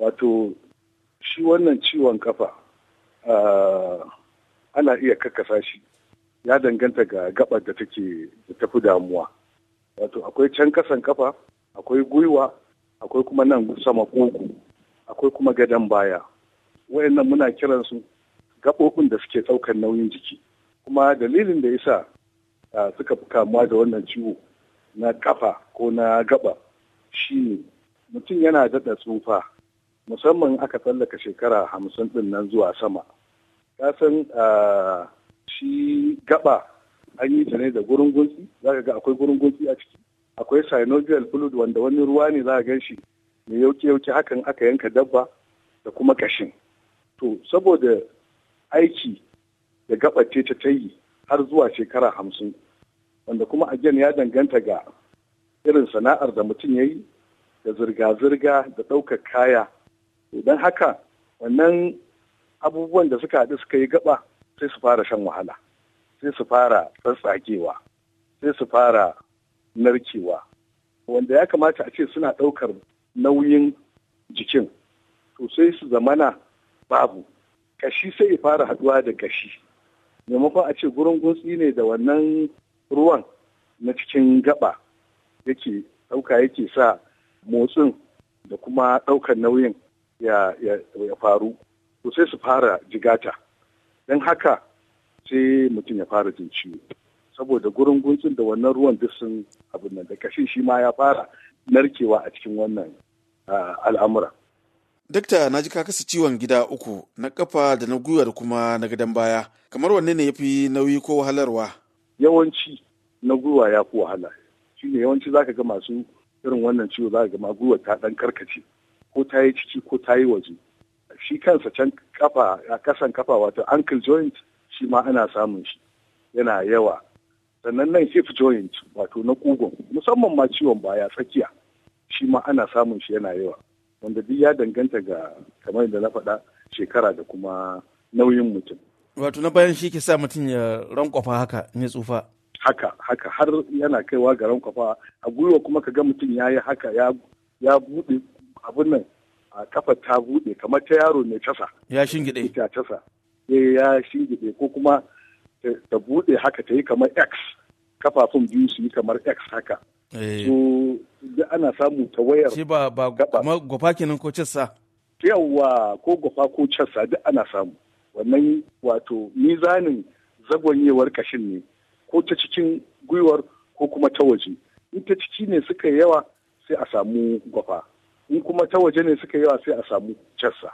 wato shi wannan ciwon kafa ana iya kakasa shi ya danganta ga gabar da take da tafi damuwa wato akwai can kasan kafa akwai gwiwa akwai kuma nan sama ƙugu akwai kuma gadon baya wayannan muna kiransu gaɓoɓin da suke ɗaukar nauyin jiki kuma dalilin da yasa suka fi kamuwa da wannan ciwo na kafa ko na gaba shi mutum yana daɗa tsufa musamman aka tsallaka shekara hamsin din nan zuwa sama san shi gaba an yi ta ne da gurin gunsi? za ga akwai gurin gunsi a ciki akwai synovial fluid wanda wani ruwa ne za a gan shi mai yauke yauke hakan aka yanka dabba da kuma kashin to saboda aiki da gabace ta ta yi har zuwa shekara hamsin wanda kuma ajiyar ya danganta ga irin sana'ar da mutum ya yi da zirga-zirga da ɗaukar kaya don haka wannan abubuwan da suka haɗu suka yi gaba sai su fara shan wahala sai su fara tsatsagewa sai su fara narkewa wanda ya kamata a ce suna ɗaukar nauyin jikin to sai su zamana babu kashi sai ya fara haɗuwa da kashi maimakon a ce gurin guntsi ne da wannan ruwan na cikin gaba yake ɗauka yake sa motsin da kuma ɗaukar nauyin ya faru to sai su fara jigata don haka sai mutum ya fara jin ciwo saboda gurin guntsin da wannan ruwan duk sun abin nan da kashin shi ma ya fara narkewa a cikin wannan al'amura dakta na ji ka kasa ciwon gida uku na kafa da na gwiwa da kuma na gadon baya kamar wanne ne ya fi nauyi ko wahalarwa yawanci na gwiwa ya fi wahala shine yawanci zaka ga masu irin wannan ciwo zaka ga ma gwiwa ta ɗan karkace ko ta yi ciki ko ta yi waje shi kansa can kafa a kasan kafa wato ankle joint shi ma ana samun shi yana yawa sannan nan hip joint wato na kugon musamman ma ciwon baya tsakiya shi ma ana samun shi yana yawa wanda duk ya danganta ga kamar da na faɗa shekara da kuma nauyin mutum wato na bayan shi ke sa mutum ya rankwafa haka ne tsufa haka haka har yana kaiwa ga rankwafa a gwiwa kuma ka ga mutum ya yi haka ya ya buɗe abun nan a kafa ta buɗe kamar ta yaro mai tasa. Ya shingide. ta tasa. Eh ya shingide ko kuma ta buɗe haka ta yi kamar X kafafun biyu su yi kamar X haka. Eh. So da ana samu ta wayar. Shi ba ba kamar gofa kenan ko cessa. Yawwa ko gofa ko cessa duk ana samu. Wannan wato mizanin zagwanyewar kashin ne ko ta cikin gwiwar ko kuma ta waje. In ta ciki ne suka yawa sai a samu gofa. in kuma ta waje ne suka yawa sai a samu cassa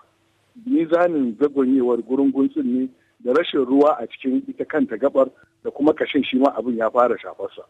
zanin zagonyewar gurin guntsin ne da rashin ruwa a cikin ita kanta gabar da kuma kashin shi ma abin ya fara shafarsa